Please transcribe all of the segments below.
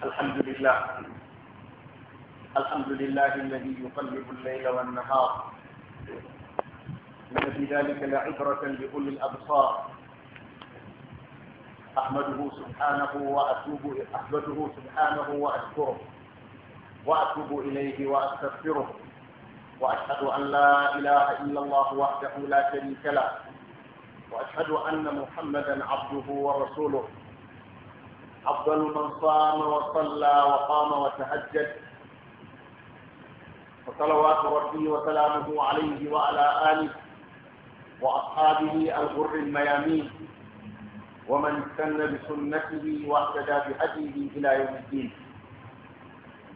الحمد لله الحمد لله الذي يقلب الليل والنهار إن في ذلك لعبرة لأولي الأبصار أحمده سبحانه وأتوب أحمده سبحانه وأشكره وأتوب إليه وأستغفره وأشهد أن لا إله إلا الله وحده لا شريك له وأشهد أن محمدا عبده ورسوله أفضل من صام وصلى وقام وتهجد وصلوات ربي وسلامه عليه وعلى آله وأصحابه الغر الميامين ومن سن بسنته واهتدى بهديه إلى يوم الدين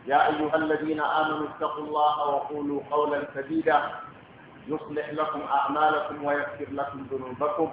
يا أيها الذين آمنوا اتقوا الله وقولوا قولا سديدا يصلح لكم أعمالكم ويغفر لكم ذنوبكم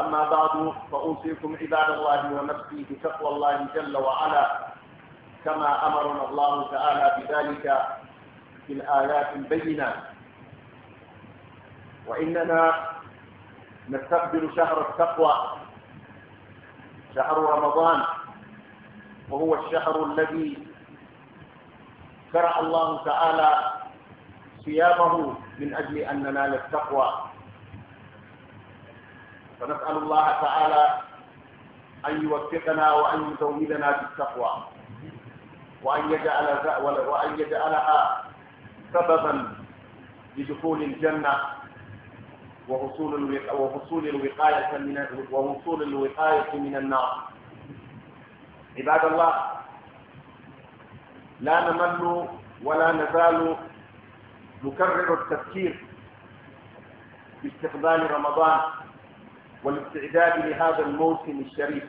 أما بعد فأوصيكم عباد الله ونفسي بتقوى الله جل وعلا كما أمرنا الله تعالى بذلك في الآيات البينات وإننا نستقبل شهر التقوى شهر رمضان وهو الشهر الذي شرع الله تعالى صيامه من أجل أن ننال التقوى فنسأل الله تعالى أن يوفقنا وأن يزودنا بالتقوى وأن يجعل وأن يجعلها سببا لدخول الجنة وحصول وحصول الوقاية من وحصول الوقاية من النار عباد الله لا نمل ولا نزال نكرر التفكير باستقبال رمضان والاستعداد لهذا الموسم الشريف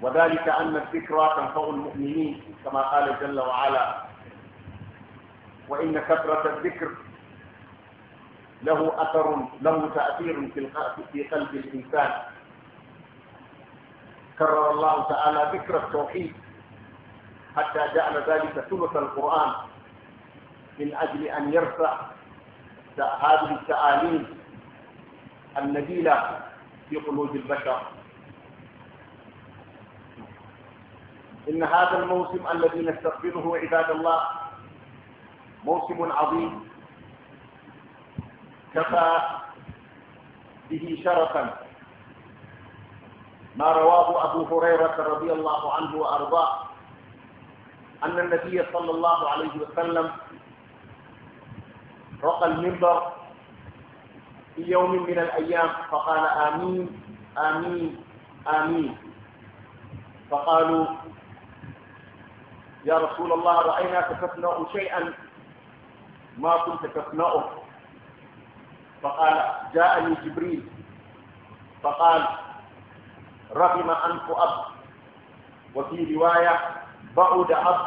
وذلك أن الذكرى تنفع المؤمنين كما قال جل وعلا وإن كثرة الذكر له أثر له تأثير في قلب الإنسان كرر الله تعالى ذكر التوحيد حتى جعل ذلك ثلث القرآن من أجل أن يرفع هذه التعاليم النبيلة في قلوب البشر إن هذا الموسم الذي نستقبله عباد الله موسم عظيم كفى به شرفا ما رواه أبو هريرة رضي الله عنه وأرضاه أن النبي صلى الله عليه وسلم رقى المنبر في يوم من الأيام فقال آمين آمين آمين فقالوا يا رسول الله رأيناك تصنع شيئا ما كنت تصنعه فقال جاءني جبريل فقال رغم أنف أب وفي رواية بعد أب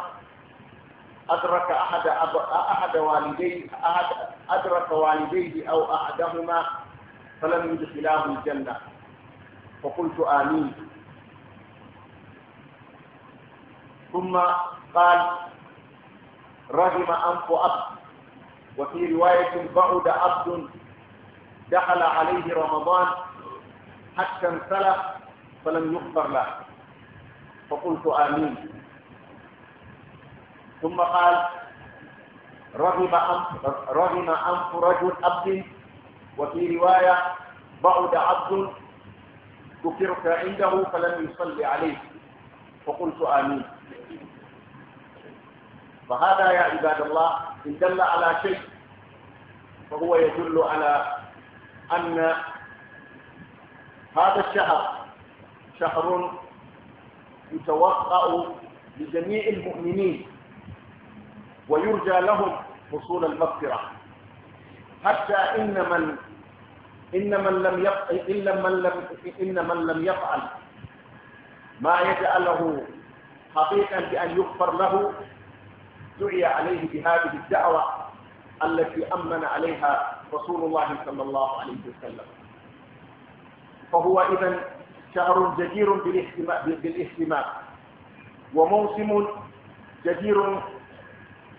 أدرك أحد أب أحد والدي أحد أدرك والديه أو أحدهما فلم يدخلاه الجنة فقلت آمين ثم قال رحم أنف أب وفي رواية بعد عبد دخل عليه رمضان حتى انسلخ فلم يغفر له فقلت آمين ثم قال رغم أنف رغم أنف رجل عبد وفي رواية بعد عبد ذكرت عنده فلم يصلي عليه فقلت آمين فهذا يا عباد الله إن دل على شيء فهو يدل على أن هذا الشهر شهر يتوقع لجميع المؤمنين ويرجى لهم حصول المغفرة حتى إن من إن من لم يق إن من لم إن من لم يفعل ما يجعله حقيقا بأن يغفر له دعي عليه بهذه الدعوة التي أمن عليها رسول الله صلى الله عليه وسلم فهو إذا شهر جدير بالاهتمام وموسم جدير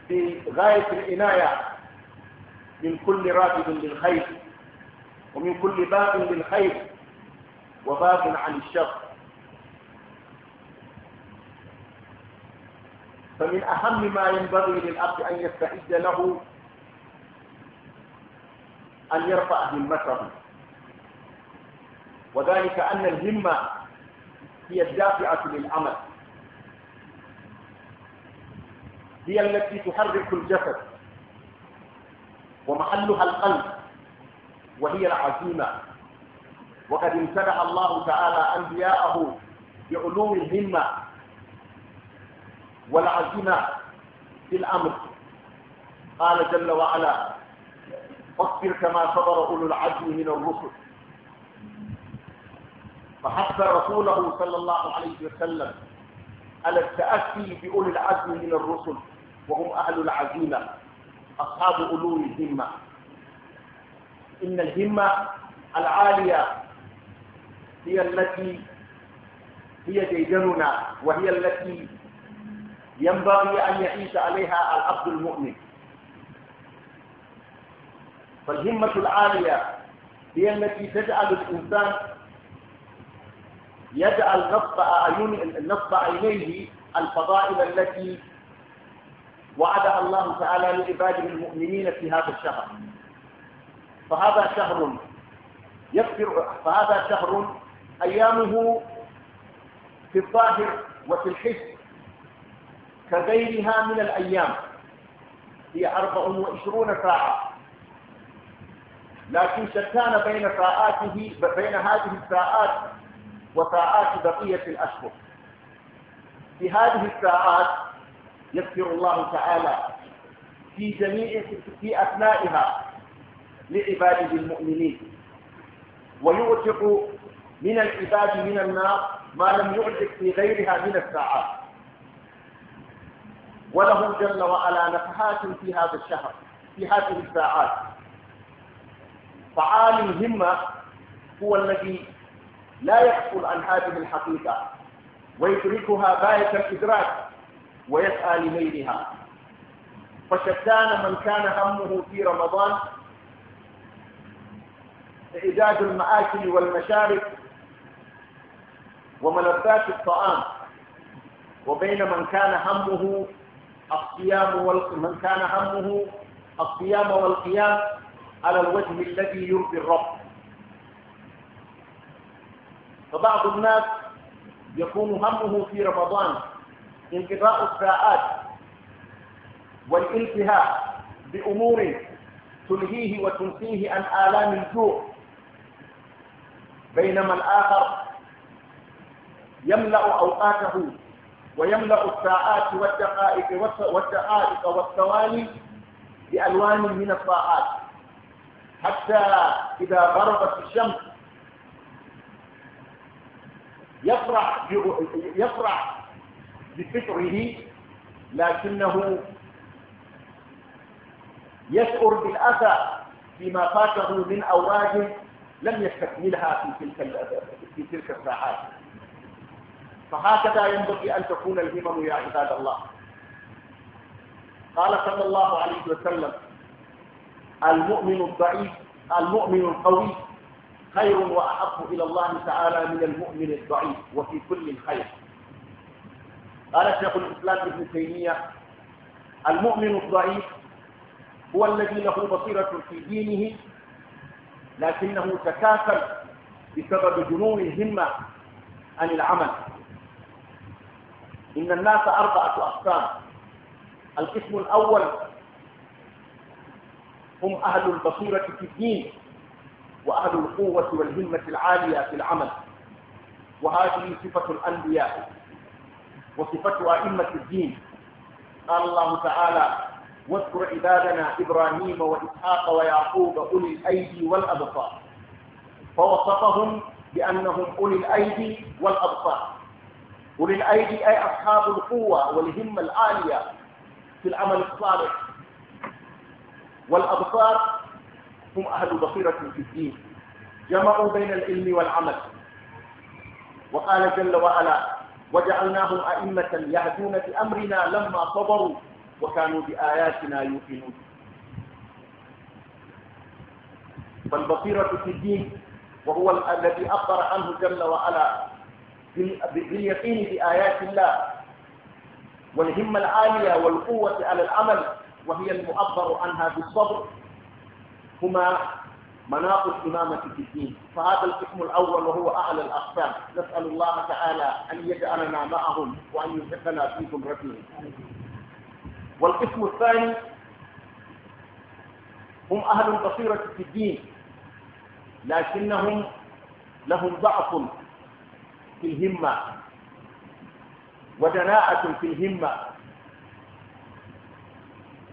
في غاية العناية من كل راكب للخير ومن كل باب للخير وباب عن الشر فمن أهم ما ينبغي للأب أن يستعد له أن يرفع همته وذلك أن الهمة هي الدافعة للعمل هي التي تحرك الجسد ومحلها القلب وهي العزيمة وقد امتنع الله تعالى أنبياءه بعلوم الهمة والعزيمة في الأمر قال جل وعلا فاصبر كما صبر أولو العزم من الرسل فحث رسوله صلى الله عليه وسلم على التأسي بأولي العزم من الرسل وهم أهل العزيمة أصحاب علو الهمة إن الهمة العالية هي التي هي ديدننا وهي التي ينبغي أن يعيش عليها العبد المؤمن فالهمة العالية هي التي تجعل الإنسان يجعل نصب عينيه الفضائل التي وعد الله تعالى لعباده المؤمنين في هذا الشهر فهذا شهر يغفر فهذا شهر أيامه في الظاهر وفي الحس كغيرها من الأيام هي 24 ساعة لكن شتان بين ساعاته بين هذه الساعات وساعات بقية الأشهر في هذه الساعات يذكر الله تعالى في جميع في أثنائها لعباده المؤمنين ويعتق من العباد من النار ما لم يعتق في غيرها من الساعات وله جل وعلا نفحات في هذا الشهر في هذه الساعات فعالي الهمة هو الذي لا يغفل عن هذه الحقيقة ويدركها غاية الإدراك ويسعى لميلها فشتان من كان همه في رمضان إعداد المآكل والمشارب وملذات الطعام وبين من كان همه الصيام من كان همه الصيام والقيام على الوجه الذي يرضي الرب فبعض الناس يكون همه في رمضان انقضاء الساعات والانتهاء بأمور تلهيه وتنسيه عن آلام الجوع بينما الآخر يملأ أوقاته ويملأ الساعات والدقائق والدقائق والثواني بألوان من الطاعات حتى إذا غربت الشمس يفرح يفرح بفطره لكنه يشعر بالأسى فيما فاته من اوراد لم يستكملها في تلك في تلك الساعات فهكذا ينبغي أن تكون الهمم يا عباد الله قال صلى الله عليه وسلم المؤمن الضعيف المؤمن القوي خير وأحب إلى الله تعالى من المؤمن الضعيف وفي كل خير قال شيخ الإسلام ابن تيمية المؤمن الضعيف هو الذي له بصيرة في دينه لكنه تكاسل بسبب جنون الهمة عن العمل إن الناس أربعة أقسام القسم الأول هم أهل البصيرة في الدين وأهل القوة والهمة العالية في العمل وهذه صفة الأنبياء وصفة أئمة الدين قال الله تعالى واذكر عبادنا إبراهيم وإسحاق ويعقوب أولي الأيدي والأبصار فوصفهم بأنهم أولي الأيدي والأبصار أولي الأيدي أي أصحاب القوة والهمة العالية في العمل الصالح والأبصار هم أهل بصيرة في الدين جمعوا بين العلم والعمل وقال جل وعلا وجعلناهم أئمة يهدون بأمرنا لما صبروا وكانوا بآياتنا يوقنون فالبصيرة في الدين وهو الذي أخبر عنه جل وعلا باليقين بآيات الله والهمة العالية والقوة على العمل وهي المعبر عنها بالصبر هما مناط الإمامة في الدين فهذا القسم الأول وهو أعلى الأقسام نسأل الله تعالى أن يجعلنا معهم وأن يلحقنا في زمرتهم والقسم الثاني هم أهل البصيرة في الدين لكنهم لهم ضعف في الهمة ودناءة في الهمة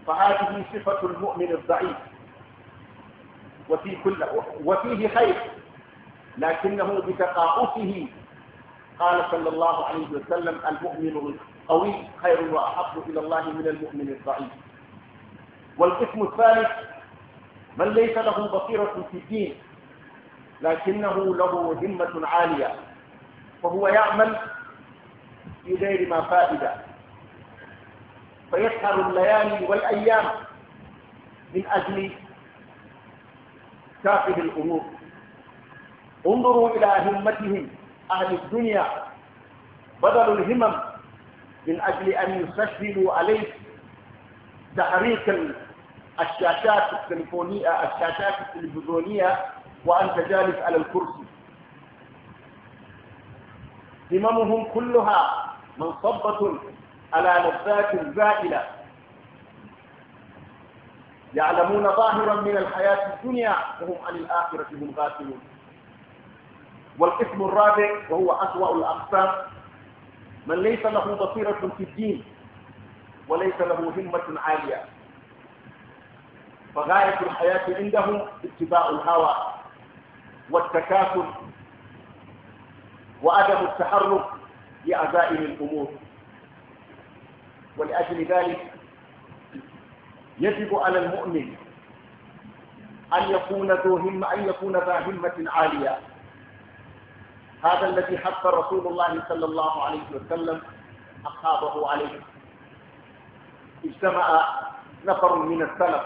فهذه صفة المؤمن الضعيف وفي كل وفيه خير لكنه بتقاؤسه قال صلى الله عليه وسلم المؤمن القوي خير واحب الى الله من المؤمن الضعيف والقسم الثالث من ليس له بصيره في الدين لكنه له همه عاليه فهو يعمل في غير ما فائده فيسهر الليالي والايام من اجل ساقب الأمور انظروا إلى همتهم أهل الدنيا بذلوا الهمم من أجل أن يسهلوا عليك تحريك الشاشات التلفونية الشاشات التلفزيونية وأنت جالس على الكرسي هممهم كلها منصبة على لذات زائلة يعلمون ظاهرا من الحياة الدنيا وهم عن الآخرة هم غافلون والقسم الرابع وهو أسوأ الأقسام من ليس له بصيرة في الدين وليس له همة عالية فغاية الحياة عندهم اتباع الهوى والتكاثر وعدم التحرك لعزائم الأمور ولأجل ذلك يجب على المؤمن أن يكون ذو همة أن يكون ذا همة عالية هذا الذي حث رسول الله صلى الله عليه وسلم أصحابه عليه اجتمع نفر من السلف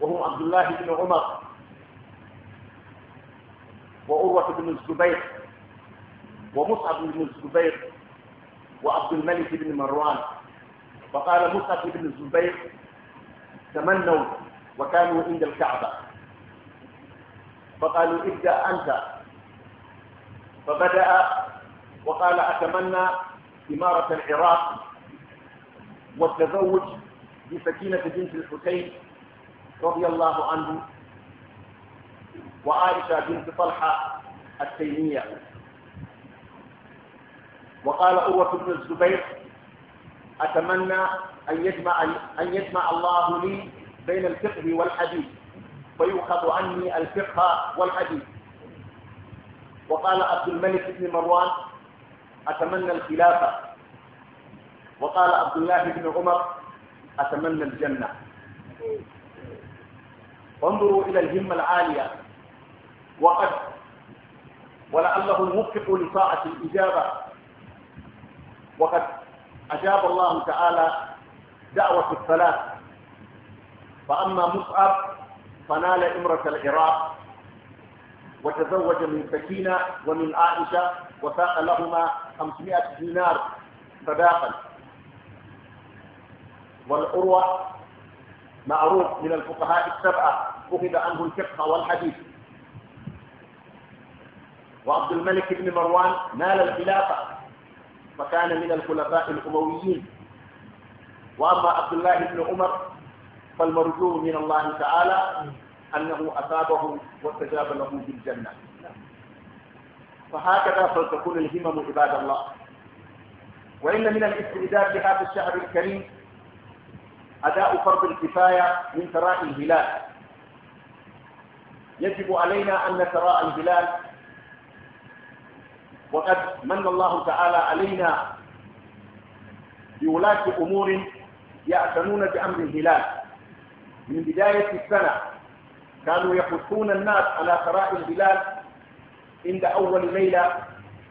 وهم عبد الله بن عمر وعروة بن الزبير ومصعب بن الزبير وعبد الملك بن مروان فقال مصعب بن الزبير تمنوا وكانوا عند الكعبة فقالوا ابدأ أنت فبدأ وقال أتمنى إمارة العراق والتزوج بسكينة بنت الحسين رضي الله عنه وعائشة بنت طلحة التيمية وقال أوة بن الزبير أتمنى أن يجمع, أن يجمع الله لي بين الفقه والحديث ويؤخذ عني الفقه والحديث وقال عبد الملك بن مروان أتمنى الخلافة وقال عبد الله بن عمر أتمنى الجنة انظروا إلى الهمة العالية وقد ولعله الموفق لطاعة الإجابة وقد أجاب الله تعالى دعوة الثلاث فأما مصعب فنال إمرة العراق وتزوج من سكينة ومن عائشة وساق لهما 500 دينار صداقا والعروة معروف من الفقهاء السبعة أخذ عنه الفقه والحديث وعبد الملك بن مروان نال الخلافة فكان من الخلفاء الأمويين وأما عبد الله بن عمر فالمرجو من الله تعالى أنه أثابه واستجاب له بالجنة فهكذا فلتكون الهمم عباد الله وإن من الاستعداد لهذا الشهر الكريم أداء فرض الكفاية من ثراء الهلال يجب علينا أن نتراءى الهلال وقد من الله تعالى علينا بولاة أمور يأتنون بأمر الهلال من بداية السنة كانوا يحثون الناس على قراء الهلال عند أول ليلة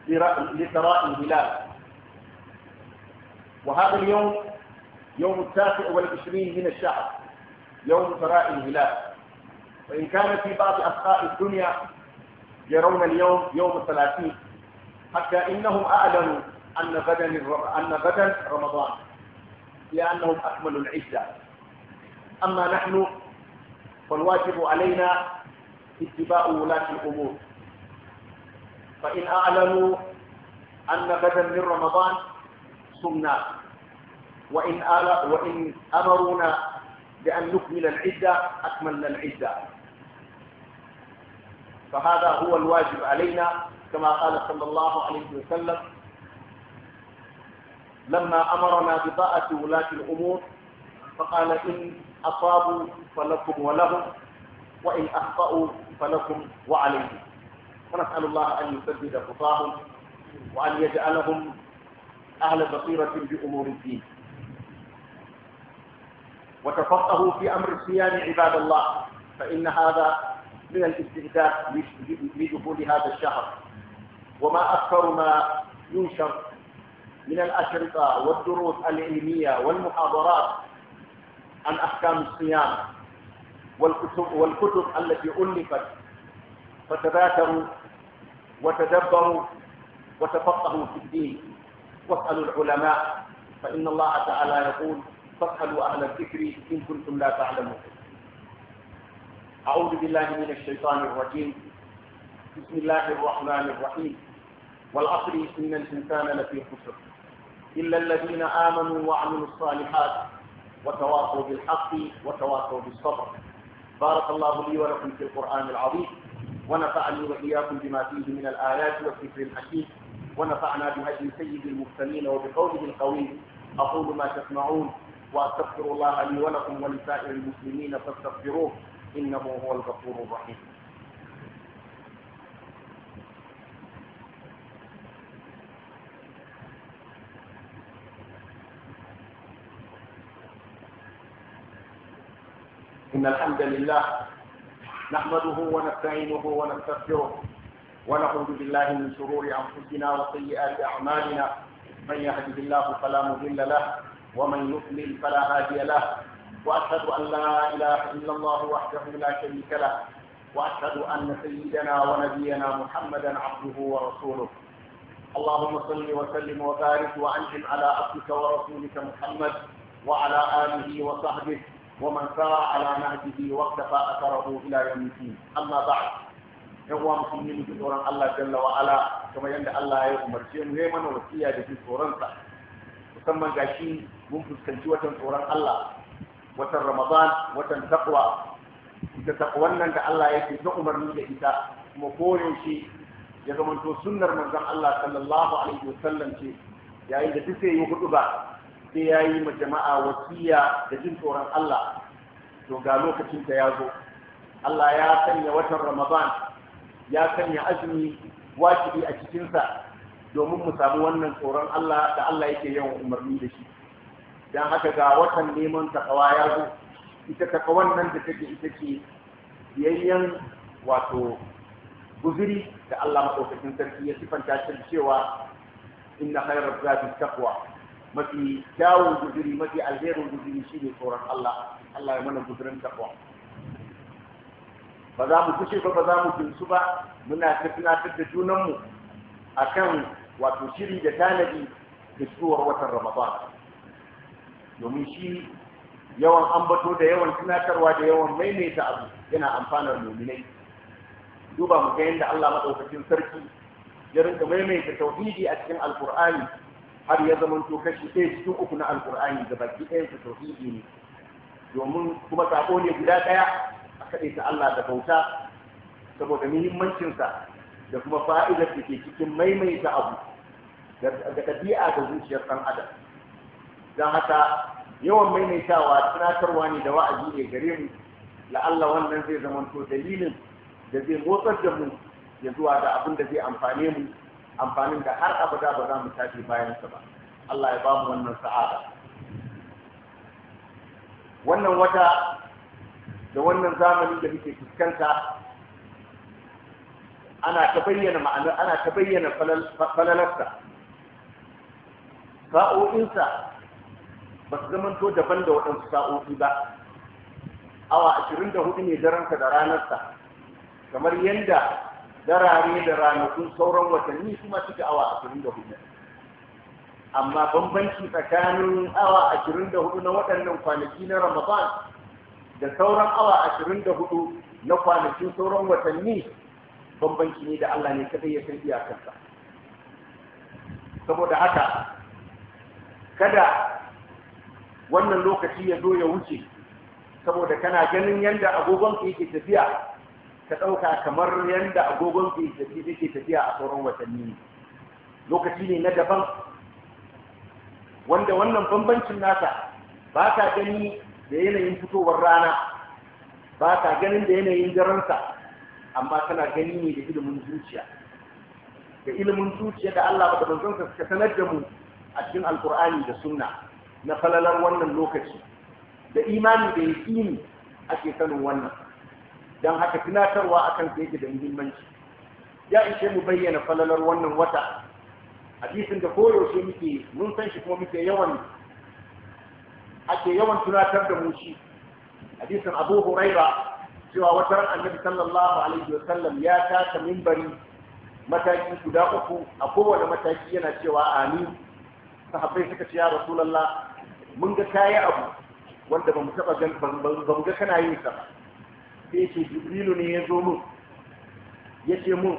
لقراء الهلال وهذا اليوم يوم التاسع والعشرين من الشهر يوم قراء الهلال وإن كان في بعض أصحاء الدنيا يرون اليوم يوم الثلاثين حتى إنهم أعلنوا أن غدا أن غدا رمضان لأنهم أكملوا العدة أما نحن فالواجب علينا اتباع ولاة الأمور فإن أعلنوا أن غدا من رمضان صمنا وإن وإن أمرونا بأن نكمل العدة أكملنا العدة فهذا هو الواجب علينا كما قال صلى الله عليه وسلم لما أمرنا بطاعة ولاة الأمور فقال إن أصابوا فلكم ولهم وإن أخطأوا فلكم وعليهم ونسأل الله أن يسدد خطاهم وأن يجعلهم أهل بصيرة بأمور الدين وتفقهوا في أمر الصيام عباد الله فإن هذا من الاستعداد لدخول هذا الشهر وما أكثر ما ينشر من الأشرطة والدروس العلمية والمحاضرات عن أحكام الصيام والكتب, والكتب التي ألفت فتذاكروا وتدبروا وتفقهوا في الدين واسألوا العلماء فإن الله تعالى يقول فاسألوا أهل الذكر إن كنتم لا تعلمون أعوذ بالله من الشيطان الرجيم بسم الله الرحمن الرحيم والعصر إن الإنسان لفي خسر إلا الذين آمنوا وعملوا الصالحات وتواصوا بالحق وتواصوا بالصبر بارك الله لي ولكم في القرآن العظيم ونفعني وإياكم بما فيه من الآيات والذكر الحكيم ونفعنا بهدي سيد المرسلين وبقوله القويم أقول ما تسمعون وأستغفر الله لي ولكم ولسائر المسلمين فاستغفروه إنه هو الغفور الرحيم إن الحمد لله نحمده ونستعينه ونستغفره ونعوذ بالله من شرور أنفسنا وسيئات أعمالنا من يهده الله فلا مضل له ومن يضلل فلا هادي له وأشهد أن لا إله إلا الله وحده لا شريك له وأشهد أن سيدنا ونبينا محمدا عبده ورسوله اللهم صل وسلم وبارك وأنعم على عبدك ورسولك محمد وعلى آله وصحبه ومن سار على نهجه واقتفى اثره الى يوم الدين اما بعد يقوى مسلمين في سورة الله جل وعلا كما يند الله يقوم برشين ويمن وسيا في سورة musamman gashi mun fuskanci watan tsoron Allah watan Ramadan watan ita takwan nan da Allah yake ta umarni da ita kuma koyaushe ya zamanto sunnar manzon Allah sallallahu alaihi wasallam ce yayin da duk sai yi hudu ba sai ya yi ma jama'a wasiya da jin tsoron Allah to ga lokacinta ya zo Allah ya sanya watan Ramadan ya sanya azumi wajibi a cikinsa domin mu samu wannan tsoron Allah da Allah yake yawan umarni da shi dan haka ga watan neman takawa ya zo ita takawan nan da take ita ce biyayyen wato guziri da Allah madaukakin sarki ya sifanta shi cewa inna khayra zati taqwa mafi kyawun guzuri mafi alherin guzuri shi ne tsoron Allah Allah ya mana guzurin taɓa. ba za mu kushe ba ba za mu jinsu ba muna ta tunatar da junanmu akan wato shiri da tanadi da shigowar watan Ramadan domin shi yawan ambato da yawan tunatarwa da yawan maimaita abu yana amfanar muminai duba mu ga yadda Allah madaukakin sarki ya rinka maimaita tauhidi a cikin alkur'ani har ya zamanto kashi ɗaya cikin uku na Alƙur'ani da baki ɗayan su tauhidi ne domin kuma sako ne guda ɗaya a kaɗe ta Allah da bauta saboda muhimmancinsa da kuma fa'idar da ke cikin maimaita abu da ɗabi'a da zuciyar ɗan adam don haka yawan maimaitawa tunatarwa ne da wa'azi ne gare mu la'alla wannan zai zamanto dalilin da zai motsar da mu ya zuwa ga abin da zai amfane mu amfanin da har abada ba za mu tashi bayansa ba Allah ya bamu wannan sa'ada wannan wata da wannan zamani da muke fuskanta ana ta bayyana ma'ana ana ta bayyana falalarsa sa'o'insa ba su zamanto daban da waɗansu sa'o'i ba awa ashirin da hudu ne daransa da ranarsa kamar yadda darare da ranakun sauran watanni kuma suka awa ashirin da hudu amma bambanci tsakanin awa ashirin da hudu na waɗannan kwanaki na ramadan da sauran awa ashirin da hudu na kwanakin sauran watanni bambanci ne da allah ne kadai ya san iyakarsa saboda haka kada wannan lokaci ya zo ya wuce saboda kana ganin yadda agogonka yake tafiya ka ɗauka kamar yadda agogon ƙisafi yake tafiya a sauran watanni lokaci ne na daban wanda wannan bambancin nasa ba ka gani da yanayin fitowar rana ba ka ganin da yanayin daransa amma kana gani ne da ilimin zuciya da ilimin zuciya da Allah da manzonsa suka sanar da mu a cikin alkur'ani da sunna na falalar wannan lokaci da imani da yaƙini ake sanin wannan don haka tunatarwa akan sai yake da muhimmanci ya ishe mu bayyana falalar wannan wata hadisin da shi muke mun san shi kuma muke yawan ake yawan tunatar da mu shi hadisin abu huraira cewa wata ran annabi sallallahu alaihi wasallam ya taka mimbari mataki guda uku a kowane mataki yana cewa amin sahabbai suka ce ya rasulullah mun ga kayi abu wanda ba mu taba gan ba mu ga kana yin sa ba sai jibrilu ne ya zo mun ya ce mun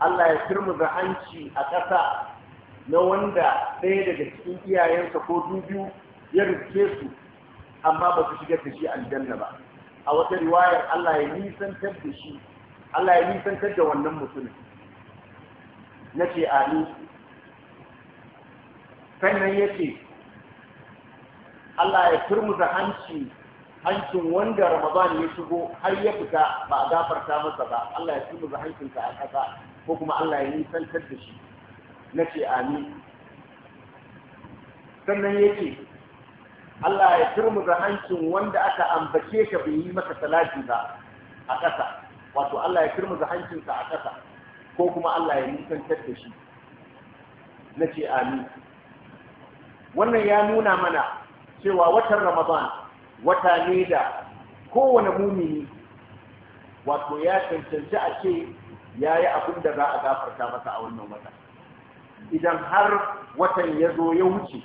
Allah ya turmuza hanci a ƙasa na wanda ɗaya daga cikin iyayensa ko dubiyu ya rike su amma ba su shigar da shi aljanna ba a wata riwayar Allah ya nisantar da shi Allah ya nisantar da wannan mutumin na ce ni? sannan ya ce Allah ya turmuza hanci hancin wanda ramadan ya shigo har ya fita ba a gafarta masa ba Allah ya tuba hancinka a ƙasa ko kuma Allah ya nisantar da shi na ce amin sannan ya ce Allah ya turmuza hancin wanda aka ambace ka bai yi maka salati ba a ƙasa wato Allah ya turmuza hancinka a ƙasa ko kuma Allah ya nisantar da shi na ce amin wannan ya nuna mana cewa watan ramadan wata ne da kowane mumini wato ya cancanci a ce ya yi abin da za a gafarta masa a wannan wata idan har watan ya zo ya wuce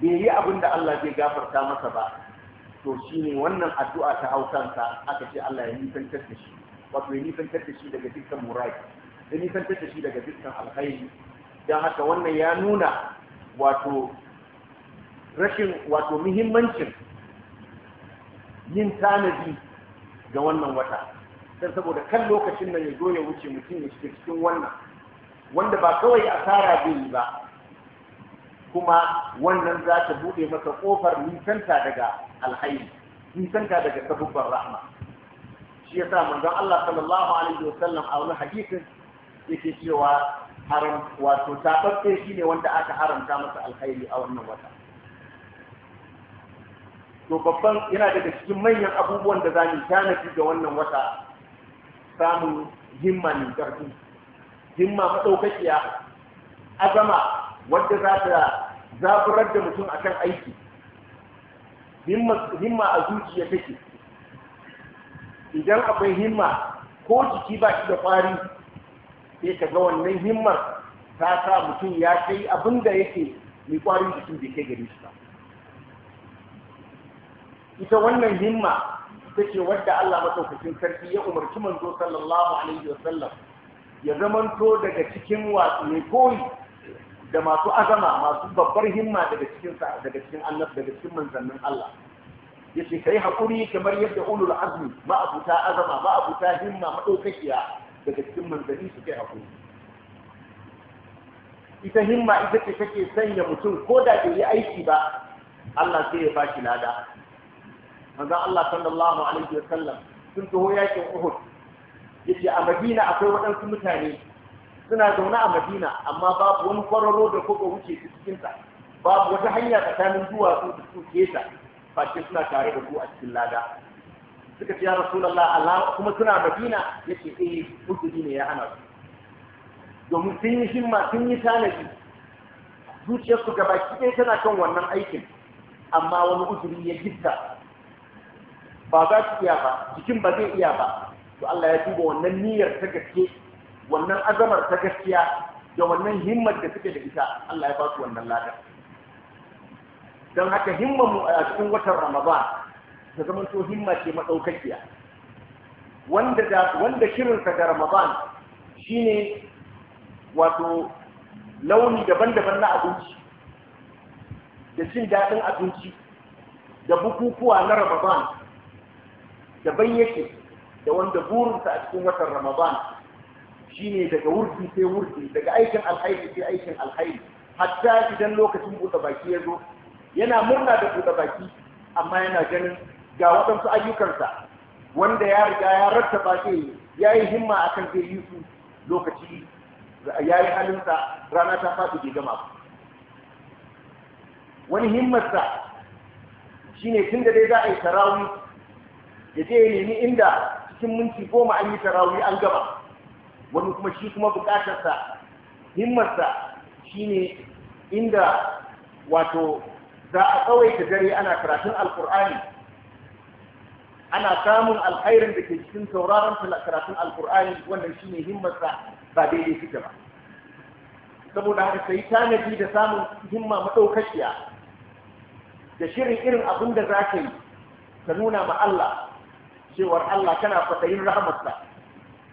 bai yi abin da Allah zai gafarta masa ba to shi ne wannan addu'a ta Hausansa aka ce Allah ya nisantar da shi wato ya nisantar da shi daga dukkan muradi ya nisantar da shi daga dukkan alkhairi don haka wannan ya nuna wato rashin wato muhimmancin yin tanadi ga wannan wata don saboda kan lokacin nan ya zo ya wuce mutum ya shiga cikin wannan wanda ba kawai asara zai yi ba kuma wannan za ta buɗe masa ƙofar nisanta daga alhaini nisanta daga sabubban rahma shi yasa manzon Allah sallallahu alaihi wasallam a wani hadisin yake cewa haram wato tabbace shine wanda aka haramta masa alkhairi a wannan wata to babban yana daga cikin manyan abubuwan da za mu tanadi ga wannan wata samun himma mai ƙarfi himma maɗaukakiya azama wadda za ta zaburar da mutum akan aiki himma a zuciya take idan akwai himma ko jiki ba shi da kwari sai ka ga wannan himmar ta sa mutum ya kai abin da yake mai kwari jikin da ke gare shi ba ita wannan himma ita ce wadda Allah madaukakin sarki ya umarci manzo sallallahu alaihi wasallam ya zamanto daga cikin wasu mai koyi da masu azama masu babbar himma daga cikin daga cikin annab daga cikin manzannin Allah yace kai hakuri kamar yadda ulul azmi ma abuta azama ma abuta himma madaukakiya daga cikin manzanni suke hakuri ita himma ita ce take sanya mutum ko da bai yi aiki ba Allah sai ya bashi lada manzon Allah sallallahu alaihi wa sallam sun taho yakin Uhud yace a Madina akwai waɗansu mutane suna zaune a Madina amma babu wani kwararo da kuka wuce su cikin babu wata hanya tsakanin duwatsu da su kesa face suna tare da ku a cikin lada suka ce ya Rasulullah Allah kuma suna Madina yace eh uzuri ne ya hana su domin sun yi himma sun yi tanadi zuciyarsu gaba ɗaya tana kan wannan aikin amma wani uzuri ya gidda ba za su iya ba jikin ba zai iya ba to Allah ya duba wannan niyyar ta gaske wannan azamar ta gaskiya da wannan himmar da suke da ita Allah ya ba su wannan lada don haka himmar mu a cikin watan Ramadan ta zama to himma ce madaukakiya wanda da wanda shirin sa ga Ramadan shine wato launi daban-daban na abinci da cin daɗin abinci da bukukuwa na Ramadan daban yake da wanda burinsa a cikin watan ramadan shine daga wurdi sai wurdi daga aikin alkhairi sai aikin alkhairi hatta idan lokacin buɗe baki ya zo yana murna da buɗe baki amma yana ganin ga waɗansu ayyukansa wanda ya riga ya rattaba ke ya yi himma akan zai yi su lokaci ya yi halinsa rana ta faɗi bai gama ba wani himmarsa shine tun da dai za a yi tarawih ya je ya nemi inda cikin minti goma an yi tarawih an gaba, wani kuma shi kuma bukatarsa himmarsa shine inda wato za a tsawaita dare ana karatun alkur'ani ana samun alkhairin da ke cikin sauraron karatun alkur'ani wannan shine himmarsa ba daidai suke ba saboda haka sai tanadi da samun himma madaukakiya da shirin irin abin da za ka yi ka nuna ma Allah cewar Allah kana faɗayin rahmatsa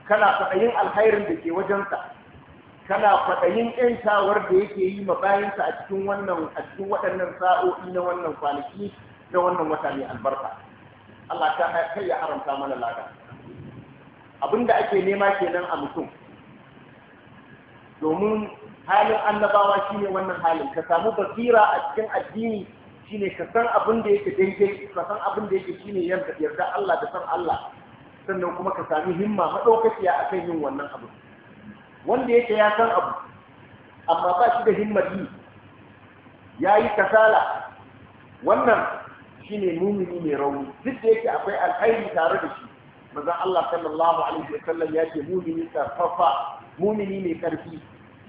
kana faɗayin alkhairin da ke wajensa kana fadayin shawar da yake yi ma bayansa a cikin wannan a cikin waɗannan sa'o'i na wannan kwanaki na wannan wata mai albarka Allah ta kai ya haramta mana lada abinda ake nema kenan a mutum domin halin annabawa shine wannan halin ka samu basira a cikin addini shine ka san abin da yake daidai ka san abin da yake shine yarda yarda Allah da san Allah sannan kuma ka sami himma madaukakiya akan yin wannan abu wanda yake ya san abu amma ba shi da himmar yi ya yi kasala wannan shine mumini mai rauni duk da yake akwai alkhairi tare da shi manzon Allah sallallahu alaihi wasallam ya ce mumini karfafa mumini mai karfi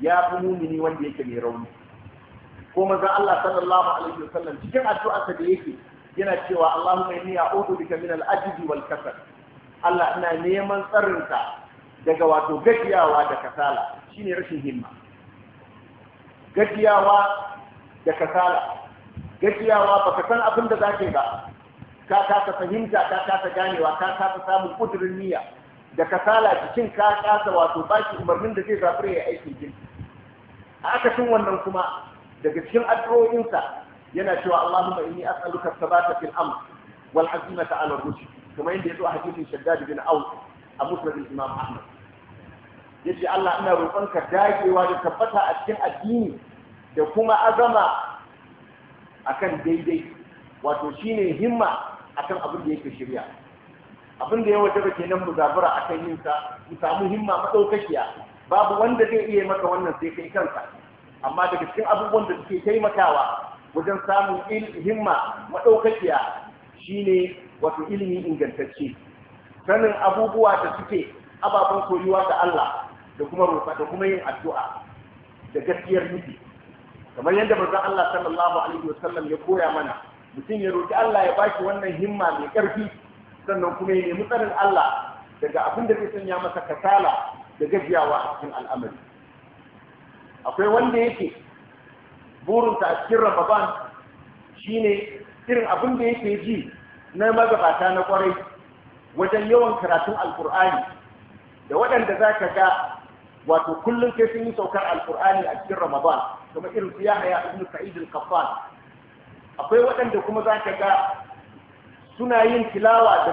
ya fi mumini wanda yake mai rauni ko manzon Allah sallallahu alaihi sallam cikin addu'arsa da yake yana cewa Allahumma inni a'udhu bika min al wal kasal Allah ina neman tsarinka daga wato gajiyawa da kasala shine rashin himma gajiyawa da kasala gajiyawa baka san abin da zaka ba ka kasa fahimta ka kasa ganewa ka kasa samun kudurin niyya da kasala cikin ka kasa wato baki umarnin da zai zafi ya aikin jin a akashin wannan kuma daga cikin addu'o'insa yana cewa Allahumma inni as'aluka thabata fil amr wal azimata ala rushd kuma yanda yazo a hadisin Shaddad bin a musnad Imam Ahmad yace Allah ina roƙonka dagewa da tabbata a cikin addini da kuma azama akan daidai wato shine himma akan abin da yake shirya abin da ya wajaba kenan mu akan yin sa mu samu himma madaukakiya babu wanda zai iya maka wannan sai kai kanka amma daga cikin abubuwan da suke taimakawa wajen samun himma maɗaukakiya shine wato ilimi ingantacce sanin abubuwa da suke ababen koyuwa ga Allah da kuma roƙa da kuma yin addu'a da gaskiyar nufi kamar yadda manzon Allah sallallahu alaihi wasallam ya koya mana mutum ya roƙi Allah ya bashi wannan himma mai ƙarfi sannan kuma ya nemi tsarin Allah daga abin da zai sanya masa kasala da gajiyawa a cikin al'amari akwai wanda yake burinta a cikin ramadan shine irin abin da yake ji na magabata na kwarai wajen yawan karatun alkur'ani da waɗanda za ka ga wato kullum sai sun yi saukar alkur'ani a cikin ramadan kuma irin su yahaya ibn sa'id al-qaffan akwai waɗanda kuma za ka ga suna yin tilawa da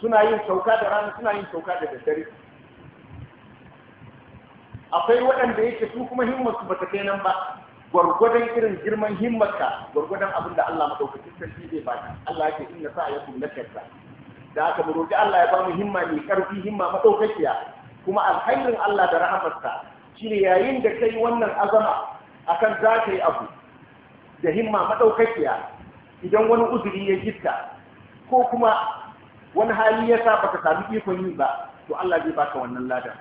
suna yin sauka da rana suna yin sauka da daddare akwai waɗanda yake su kuma himmarsu ba ta kai nan ba gwargwadon irin girman himmarka gwargwadon abin da Allah madaukakin sarki zai baka Allah yake inna sa'yakum lakasa da aka mu Allah ya mu himma mai karfi himma madaukakiya kuma alhairin Allah da rahamarsa shine yayin da kai wannan azama akan za ka abu da himma madaukakiya idan wani uzuri ya gitta ko kuma wani hali ya sa baka sami ikon yi ba to Allah zai baka wannan ladan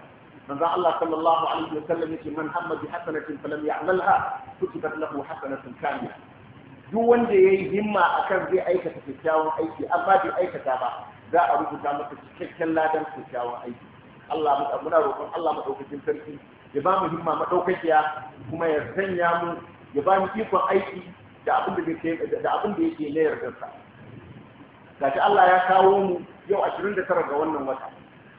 manzo Allah sallallahu alaihi man hamma bi hasanatin falam duk wanda yayi himma akan zai aikata kyakkyawan aiki amma bai aikata ba za a rubuta masa cikakken ladan kyakkyawan aiki Allah muna roƙon Allah madaukakin sarki ya ba mu himma madaukakiya kuma ya sanya mu ya ba mu ikon aiki da abin da yake da abin da yake ne yardarsa gashi Allah ya kawo mu yau 29 ga wannan wata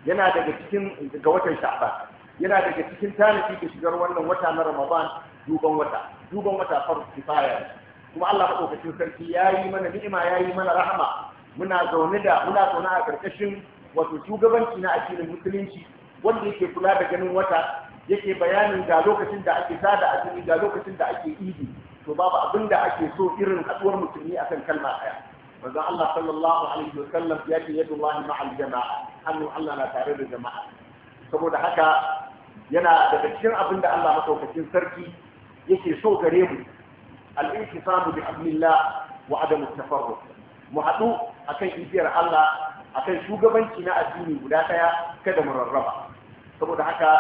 yana daga cikin ga watan sha'ban yana daga cikin tanafi ga shigar wannan wata na ramadan duban wata duban wata faru kifaya kuma Allah madaukakin sarki yayi mana ni'ima yayi mana rahama muna zaune da muna zaune a karkashin wato shugabanci na addinin musulunci wanda yake kula da ganin wata yake bayanin ga lokacin da ake sada azumi ga lokacin da ake idi to babu abin da ake so irin haduwar musulmi akan kalma daya manzon Allah sallallahu alaihi sallam ya ce yadullahi ma'al jama'a hannu Allah na tare da jama'a saboda haka yana daga cikin abin da Allah madaukakin sarki yake so gare mu al-intisamu bi hablillah wa adam mu haɗu akan igiyar Allah akan shugabanci na addini guda ɗaya kada mu rarraba saboda haka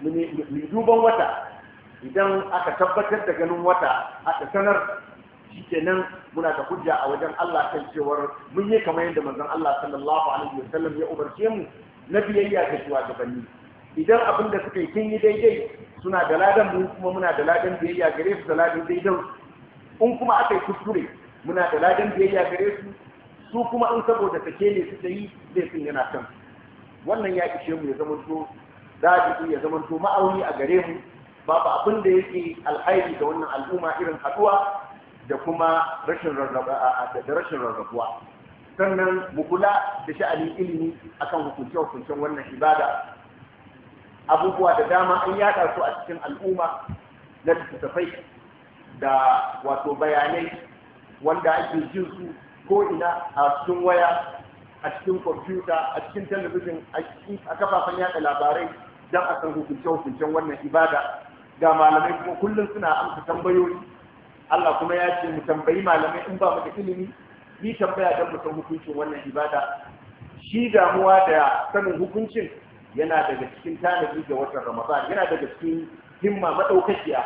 mu duban wata idan aka tabbatar da ganin wata aka sanar shikenan muna da hujja a wajen Allah kan cewar mun yi kamar yadda manzon Allah sallallahu alaihi wasallam ya umarce mu na biyayya ga shugabanni idan abin da suka yi kin yi daidai suna da ladan mu kuma muna da ladan biyayya gare su da ladan daidai. in kuma aka yi kuskure muna da ladan biyayya gare su su kuma in saboda sake ne suka yi sun yana kan wannan ya ishe mu ya zamanto ya zamanto ma'auni a gare mu babu abin da yake alhairi ga wannan al'umma irin haɗuwa da kuma rashin rarrabuwa sannan mu kula da sha'anin ilimi akan hukunce-hukuncen wannan ibada abubuwa da dama an yada su a cikin al'umma na littattafai da wato bayanai wanda ake jin su ko ina a cikin waya a cikin kwamfuta a cikin talabijin a kafafen yada labarai don a san hukunce-hukuncen wannan ibada ga malamai kuma kullum suna amsa tambayoyi Allah kuma ya ce mu tambayi malamai in ba mu da ilimi ni tambaya don mu san hukuncin wannan ibada shi damuwa da sanin hukuncin yana daga cikin tanadi ga watan Ramadan yana daga cikin himma madaukakiya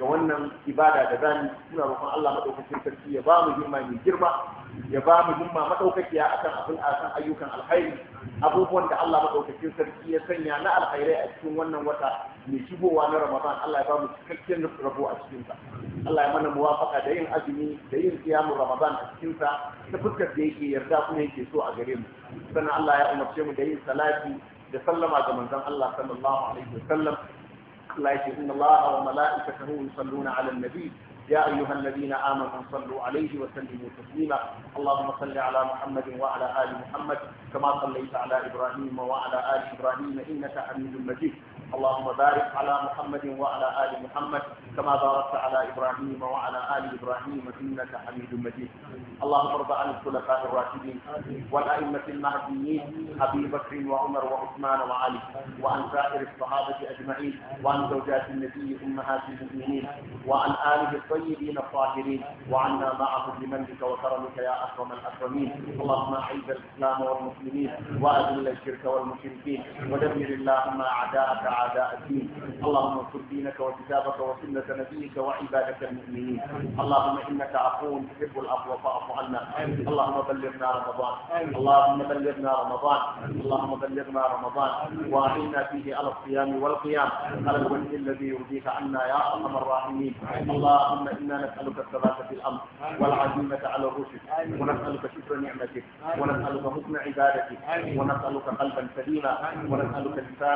ga wannan ibada da zani suna roƙon Allah madaukakin sarki ya ba mu himma mai girma ya ba mu himma madaukakiya akan abin akan ayyukan alkhairi abubuwan da Allah madaukakin sarki ya sanya na alkhairai a cikin wannan wata mai shigowa na Ramadan Allah ya ba mu cikakken rabo a cikin sa Allah ya mana muwafaka da yin azumi da yin siyamun Ramadan a cikin sa ta fuskar da yake yarda kuma yake so a gare mu sannan Allah ya umarce mu da yin salati da sallama ga manzon Allah sallallahu alaihi wasallam الله يقول إن الله وملائكته يصلون على النبي يا أيها الذين آمنوا صلوا عليه وسلموا تسليما اللهم صل على محمد وعلى آل محمد كما صليت على إبراهيم وعلى آل إبراهيم إنك حميد مجيد اللهم بارك على محمد وعلى آل محمد كما باركت على إبراهيم وعلى آل إبراهيم إنك حميد مجيد اللهم ارض عن الخلفاء الراشدين والأئمة المهديين أبي بكر وعمر وعثمان وعلي وعن سائر الصحابة أجمعين وعن زوجات النبي أمهات المؤمنين وعن آله الطيبين الطيبين الطاهرين وعنا معهم بمنك وكرمك يا أكرم الأكرمين اللهم أعز الإسلام والمسلمين وأذل الشرك والمشركين ودمر اللهم أعداءك أعداء الدين اللهم انصر دينك وكتابك وسنة نبيك وعبادك المؤمنين اللهم إنك عفو تحب العفو فاعف عنا اللهم بلغنا رمضان اللهم بلغنا رمضان اللهم بلغنا رمضان وأعنا فيه على الصيام والقيام على الوجه الذي يرضيك عنا يا أرحم الراحمين اللهم إنا نسألك الثبات في الأمر والعزيمة على الرشد ونسألك شكر نعمتك ونسألك حسن عبادتك ونسألك قلبا سليما ونسألك لسانا